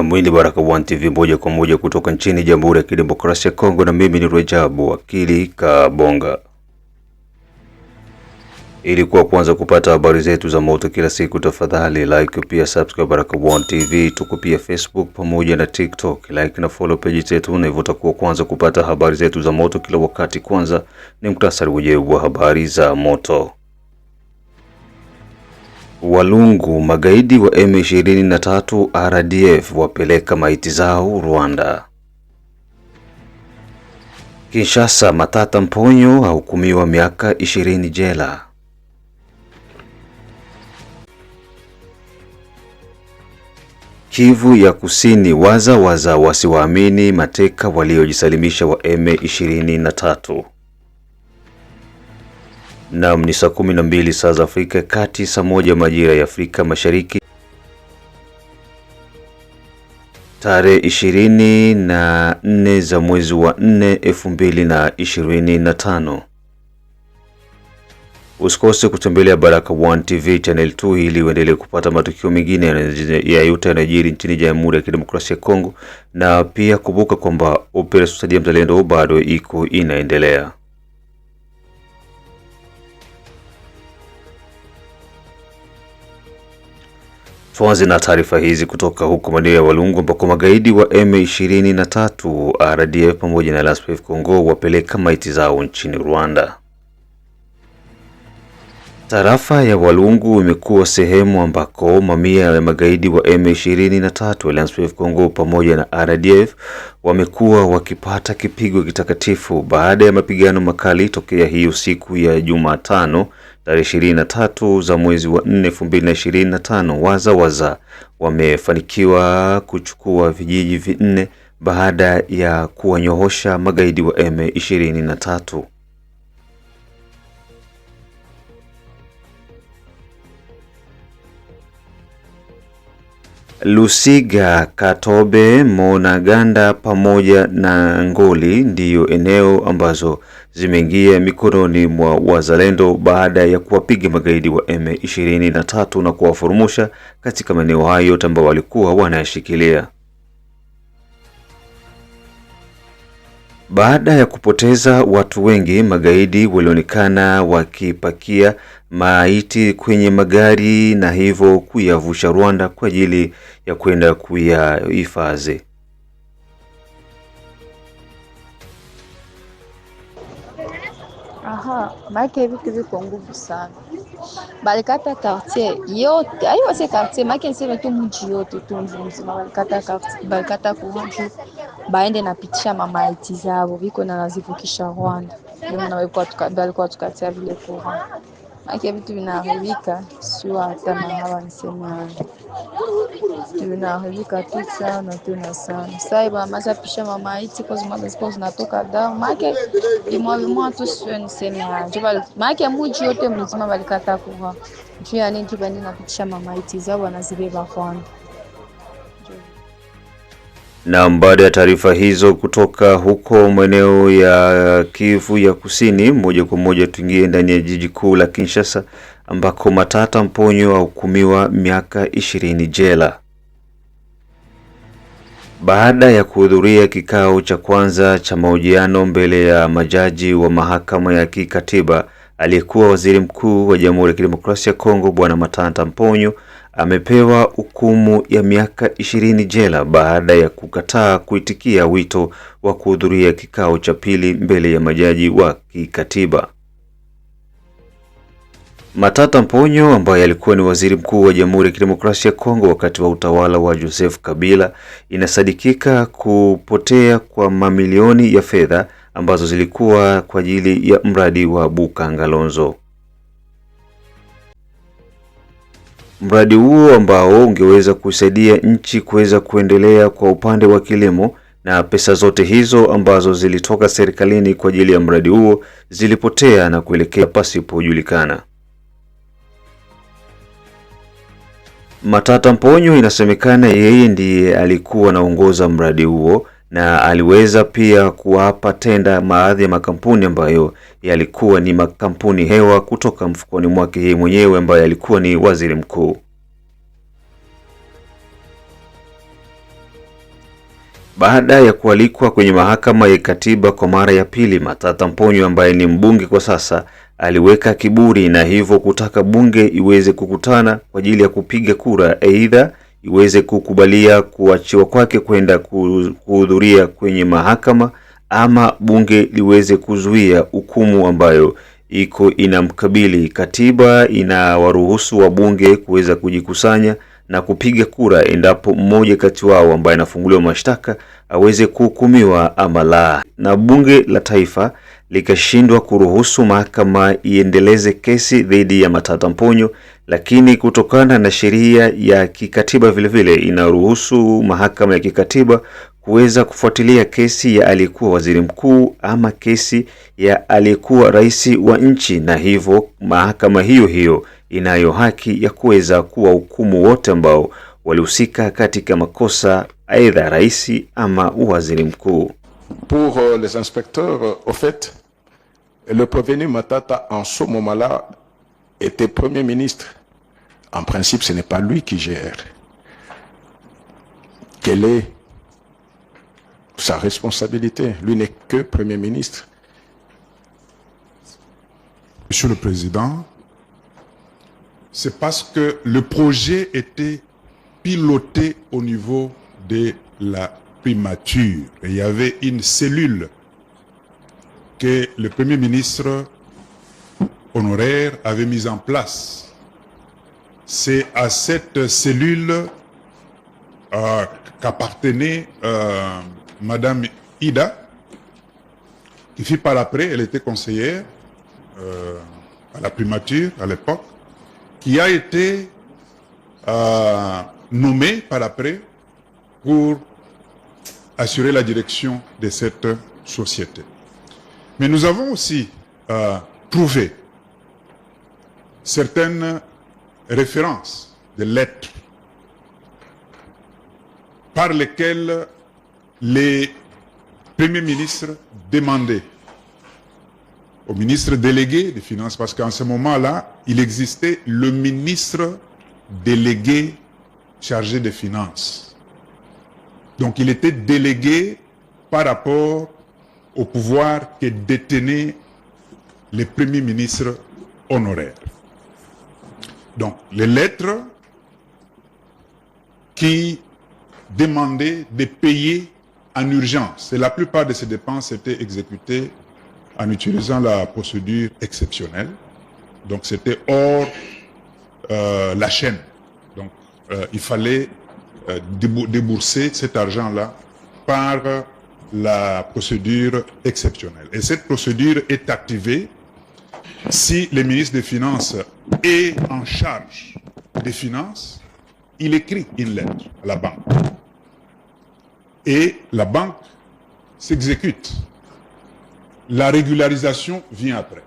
na mwili Baraka One TV moja kwa moja kutoka nchini Jamhuri ya Kidemokrasia ya Kongo, na mimi ni rajabu Akili Kabonga. Ili kuwa kwanza kupata habari zetu za moto kila siku, tafadhali like, pia subscribe Baraka One TV. Tuko pia Facebook pamoja na TikTok, like na follow page zetu, na hivyo utakuwa kwanza kupata habari zetu za moto kila wakati. Kwanza ni muhtasari ujeu wa habari za moto. Walungu magaidi wa M23 RDF wapeleka maiti zao Rwanda. Kinshasa, Matata Mponyo ahukumiwa miaka 20 jela. Kivu ya Kusini, waza waza wasiwaamini mateka waliojisalimisha wa M23. Naam, ni saa kumi na mbili saa za Afrika Kati, saa moja majira ya Afrika Mashariki, tarehe ishirini na nne za mwezi wa nne elfu mbili na ishirini na tano. Usikose kutembelea Baraka One TV channel 2 ili uendelee kupata matukio mengine ya yote yanayojiri nchini Jamhuri ya Kidemokrasia ya Kongo, na pia kumbuka kwamba operesheni ya Mzalendo bado iko inaendelea. Tuanze na taarifa hizi kutoka huko maeneo ya Walungu ambako magaidi wa M23 RDF pamoja na LASPF congo wapeleka maiti zao nchini Rwanda. Tarafa ya Walungu imekuwa sehemu ambako mamia ya magaidi wa M23 LASPF Congo pamoja na RDF wamekuwa wakipata kipigo kitakatifu baada ya mapigano makali tokea hiyo siku ya Jumatano tarehe 23 za mwezi wa 4 2025, wazawaza wamefanikiwa kuchukua vijiji vinne baada ya kuwanyohosha magaidi wa M23. Lusiga, Katobe, Monaganda pamoja na Ngoli ndiyo eneo ambazo zimeingia mikononi mwa wazalendo baada ya kuwapiga magaidi wa M23 na kuwafurumusha katika maeneo hayo yote ambayo walikuwa wanayashikilia. Baada ya kupoteza watu wengi, magaidi walionekana wakipakia maiti kwenye magari na hivyo kuyavusha Rwanda kwa ajili ya kwenda kuyahifadhi. Aha, maake vitu kwa nguvu sana balikata kartie yote aiwa, kartie quartier maake niseme tu mji yote tu mji mzima balikata kartie, balikata kuju baende na pitisha mamaiti zabo viko na nazivukisha Rwanda, ndio na walikuwa tukatia vile courant Maake vitu vinaharibika, sio hata hawa niseme vitu vinaharibika tu sana tena sana. mama zapisha mama mamaiti kwa zimaza zipo zinatoka damu, maake vimwavimwa tu, sio niseme hayo njo mji wote mzima walikataa kuwa. kuva nini? na kupisha mamaiti zao wanazibeba kwanza na baada ya taarifa hizo kutoka huko maeneo ya Kivu ya Kusini, moja kwa moja tuingie ndani ya jiji kuu la Kinshasa ambako Matata Mponyo ahukumiwa miaka ishirini jela baada ya kuhudhuria kikao cha kwanza cha mahojiano mbele ya majaji wa mahakama ya kikatiba. Aliyekuwa waziri mkuu wa Jamhuri ya Kidemokrasia ya Kongo Bwana Matata Mponyo amepewa hukumu ya miaka ishirini jela baada ya kukataa kuitikia wito wa kuhudhuria kikao cha pili mbele ya majaji wa kikatiba. Matata Mponyo ambaye alikuwa ni waziri mkuu wa Jamhuri ya Kidemokrasia ya Kongo wakati wa utawala wa Joseph Kabila inasadikika kupotea kwa mamilioni ya fedha ambazo zilikuwa kwa ajili ya mradi wa Bukangalonzo. Mradi huo ambao ungeweza kusaidia nchi kuweza kuendelea kwa upande wa kilimo na pesa zote hizo ambazo zilitoka serikalini kwa ajili ya mradi huo zilipotea na kuelekea pasipojulikana. Matata Mponyo inasemekana yeye ndiye alikuwa anaongoza mradi huo na aliweza pia kuwapa tenda baadhi ya makampuni ambayo yalikuwa ni makampuni hewa kutoka mfukoni mwake yeye mwenyewe ambaye alikuwa ni waziri mkuu. Baada ya kualikwa kwenye mahakama ya katiba kwa mara ya pili, Matata Mponyo ambaye ni mbunge kwa sasa aliweka kiburi na hivyo kutaka bunge iweze kukutana kwa ajili ya kupiga kura aidha iweze kukubalia kuachiwa kwake kwenda kuhudhuria kwenye mahakama ama bunge liweze kuzuia hukumu ambayo iko inamkabili. Katiba inawaruhusu wabunge kuweza kujikusanya na kupiga kura endapo mmoja kati wao ambaye anafunguliwa mashtaka aweze kuhukumiwa ama la. Na bunge la taifa likashindwa kuruhusu mahakama iendeleze kesi dhidi ya Matata Mponyo, lakini kutokana na sheria ya kikatiba vilevile inaruhusu mahakama ya kikatiba kuweza kufuatilia kesi ya aliyekuwa waziri mkuu ama kesi ya aliyekuwa rais wa nchi, na hivyo mahakama hiyo hiyo inayo haki ya kuweza kuwahukumu wote ambao walihusika katika makosa, aidha rais ama waziri mkuu. Pour euh, les inspecteurs euh, au fait le prévenu Matata, en ce moment-là, était Premier ministre. En principe, ce n'est pas lui qui gère. Quelle est sa responsabilité Lui n'est que Premier ministre. Monsieur le Président, c'est parce que le projet était piloté au niveau de la primature. Il y avait une cellule que le Premier ministre honoraire avait mis en place. C'est à cette cellule euh, qu'appartenait Mme euh, Madame Ida, qui fit par après, elle était conseillère euh, à la primature à l'époque, qui a été nommée par après pour assurer la direction de cette société. Mais nous avons aussi euh, trouvé certaines références de lettres par lesquelles les premiers ministres demandaient au ministre délégué des Finances, parce qu'en ce moment-là, il existait le ministre délégué chargé des Finances. Donc il était délégué par rapport au pouvoir que détenait les premiers ministres honoraires. Donc, les lettres qui demandaient de payer en urgence. Et la plupart de ces dépenses étaient exécutées en utilisant la procédure exceptionnelle. Donc, c'était hors euh, la chaîne. Donc, euh, il fallait euh, débourser cet argent-là par la procédure exceptionnelle. Et cette procédure est activée si le ministre des Finances est en charge des Finances, il écrit une lettre à la banque. Et la banque s'exécute. La régularisation vient après.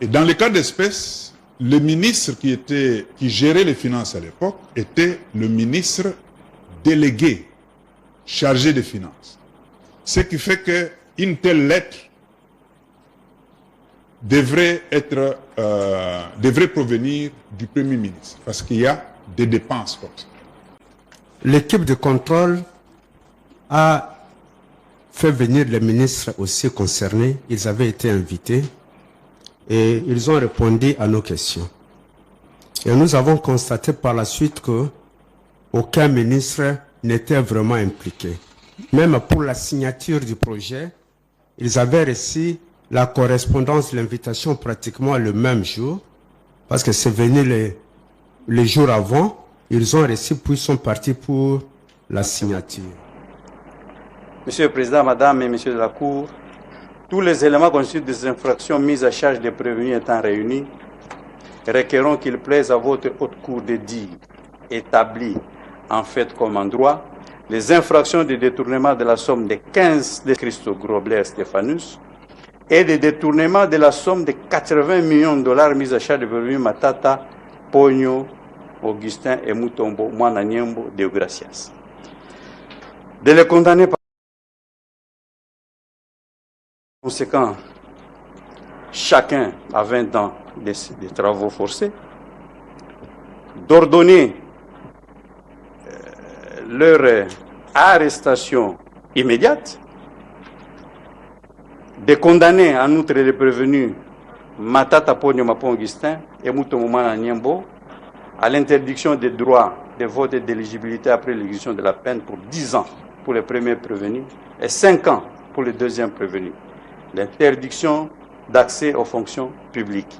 Et dans le cas d'espèce, le ministre qui, était, qui gérait les finances à l'époque était le ministre délégué chargé des finances. Ce qui fait qu'une telle lettre devrait, être, euh, devrait provenir du Premier ministre, parce qu'il y a des dépenses L'équipe de contrôle a fait venir les ministres aussi concernés. Ils avaient été invités et ils ont répondu à nos questions. Et nous avons constaté par la suite que aucun ministre n'étaient vraiment impliqués. Même pour la signature du projet, ils avaient reçu la correspondance, l'invitation pratiquement le même jour, parce que c'est venu le jour jours avant, ils ont reçu puis sont partis pour la signature. Monsieur le Président, Madame et Monsieur de la Cour, tous les éléments constitués des infractions mises à charge des prévenus étant réunis, requérons qu'il plaise à votre haute cour de établie en fait comme en droit, les infractions de détournement de la somme de 15 de Christo Grobler Stéphanus et de détournement de la somme de 80 millions de dollars mis à charge de Vervu Matata, Pogno, Augustin et Mutombo, Mwananyembo, de Gracias. De les condamner par conséquent, chacun à 20 ans de travaux forcés, d'ordonner leur arrestation immédiate, de condamner en outre les prévenus Matata Pogno et Moutomoumana Niembo, à l'interdiction des droits de vote et d'éligibilité après l'exécution de la peine pour 10 ans pour les premiers prévenus et 5 ans pour les deuxièmes prévenus. L'interdiction d'accès aux fonctions publiques.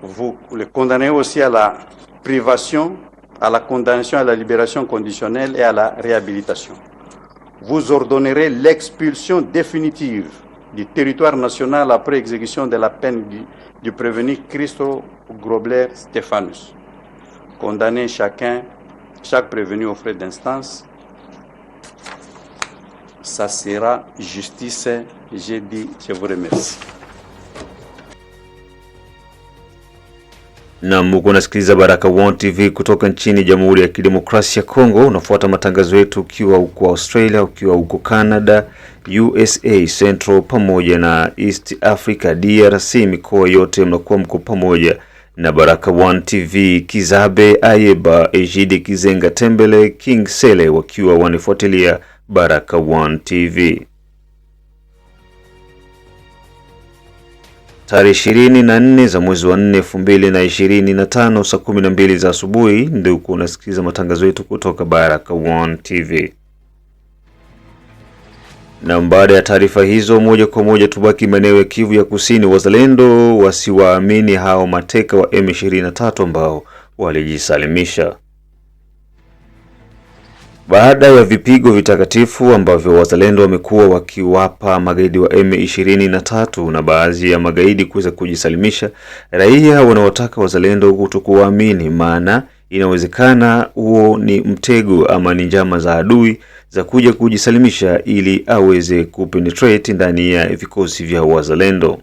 Vous les condamnez aussi à la privation à la condamnation à la libération conditionnelle et à la réhabilitation. Vous ordonnerez l'expulsion définitive du territoire national après exécution de la peine du, prévenu Christo Grobler Stephanus. Condamnez chacun, chaque prévenu aux frais d'instance. Ça sera justice. J'ai dit, je vous remercie. Na mko unasikiliza Baraka One TV kutoka nchini Jamhuri ya Kidemokrasia ya Kongo. Unafuata matangazo yetu ukiwa huko Australia, ukiwa huko Canada, USA Central pamoja na East Africa, DRC, mikoa yote mnakuwa mko pamoja na Baraka One TV. Kizabe Ayeba, Ejide Kizenga, Tembele King Sele wakiwa wanafuatilia Baraka One TV. tarehe ishirini na nne za mwezi wa nne elfu mbili na ishirini na tano saa kumi na mbili za asubuhi ndio uko unasikiliza matangazo yetu kutoka baraka One TV. Na baada ya taarifa hizo, moja kwa moja tubaki maeneo ya Kivu ya Kusini. Wazalendo wasiwaamini hao mateka wa M23 ambao walijisalimisha. Baada ya vipigo vitakatifu ambavyo wazalendo wamekuwa wakiwapa magaidi wa M23 na baadhi ya magaidi kuweza kujisalimisha, raia wanaotaka wazalendo kutokuwaamini, maana inawezekana huo ni mtego ama ni njama za adui za kuja kujisalimisha ili aweze kupenetrate ndani ya vikosi vya wazalendo.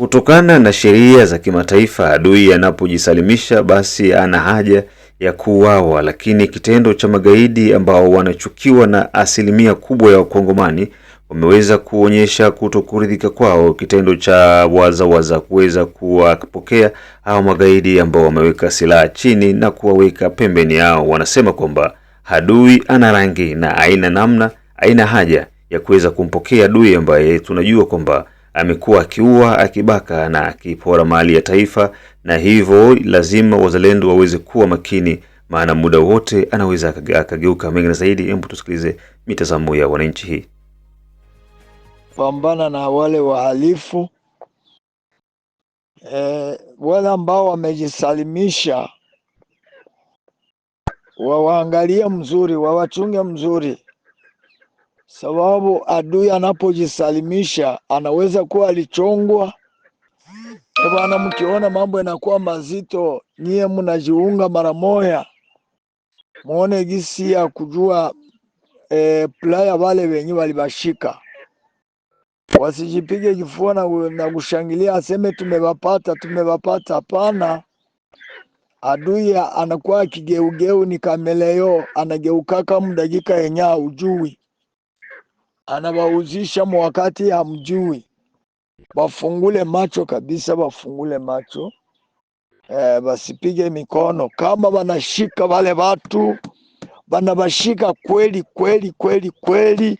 Kutokana na sheria za kimataifa, adui anapojisalimisha basi ana haja ya kuuawa, lakini kitendo cha magaidi ambao wanachukiwa na asilimia kubwa ya Wakongomani wameweza kuonyesha kutokuridhika kwao kitendo cha wazawaza kuweza kuwapokea hao magaidi ambao wameweka silaha chini na kuwaweka pembeni yao. Wanasema kwamba adui ana rangi na aina namna aina haja ya kuweza kumpokea adui ambaye tunajua kwamba amekuwa akiua, akibaka na akipora mali ya taifa, na hivyo lazima wazalendo waweze kuwa makini, maana muda wote anaweza akageuka. Mengine zaidi, hebu tusikilize mitazamo ya wananchi. Hii pambana na wale wahalifu eh, wale ambao wamejisalimisha, wawaangalie mzuri, wawachunge mzuri sababu adui anapojisalimisha anaweza kuwa alichongwa. Bwana, mkiona mambo yanakuwa mazito, nyiye mnajiunga mara moya, muone gisi ya kujua e, eh, playa wale wenye walibashika wasijipige kifua na kushangilia, aseme tumewapata, tumewapata. Hapana, adui anakuwa kigeugeu, ni kameleyo anageukaka mdakika yenyaa ujui anawauzisha mwakati hamjui. Wafungule macho kabisa, bafungule macho eh, basipige mikono. Kama wanashika wale watu wanabashika kweli kweli kweli kweli,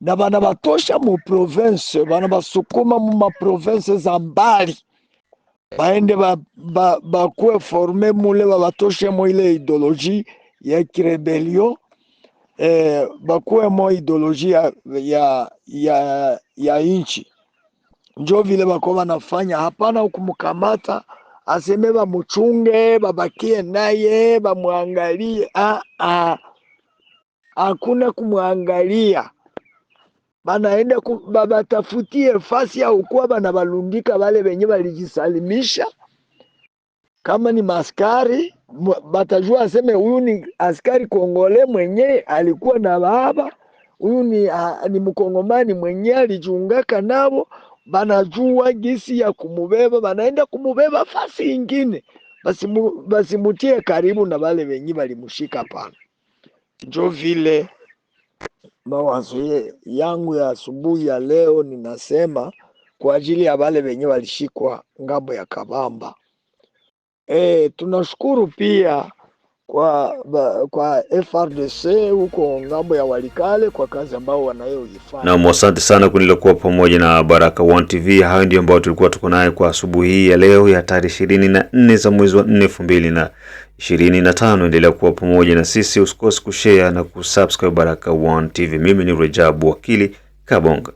na wanabatosha mu province, wanabasukuma mu province za mbali baende bakuwe ba, ba forme mule babatoshe mu ile ideoloji ya kirebelio eh, bakuwe mo ideolojia ya, ya, ya nchi, njo vile bako banafanya. Hapana ukumukamata aseme bamuchunge, babakie naye, bamwangalie. Ah, ah, hakuna kumwangalia banaenda babatafutie fasi au kuwa banabalundika bale benye balijisalimisha kama ni maskari batajua aseme huyu ni askari Kongole mwenyewe alikuwa na baba, huyu ni, ni mkongomani mwenyewe alijiungaka nabo, banajua gisi ya kumubeba, banaenda kumubeba fasi ingine, basimutie karibu na bale benyi balimushika pana. Njo vile mawazo yangu ya asubuhi ya leo ninasema kwa ajili ya bale benye walishikwa ngambo ya Kabamba. E, tunashukuru pia kwa kwa FRDC huko ngambo ya Walikale kwa kazi ambayo wanayoifanya. Naam, asante sana kunilokuwa pamoja na Baraka One TV. Hayo ndio ambayo tulikuwa tuko naye kwa asubuhi hii ya leo ya tarehe ishirini na nne za mwezi wa nne elfu mbili na ishirini na tano. Endelea kuwa pamoja na sisi, usikose kushare na kusubscribe Baraka One TV. Mimi ni Rejabu Wakili Kabonga.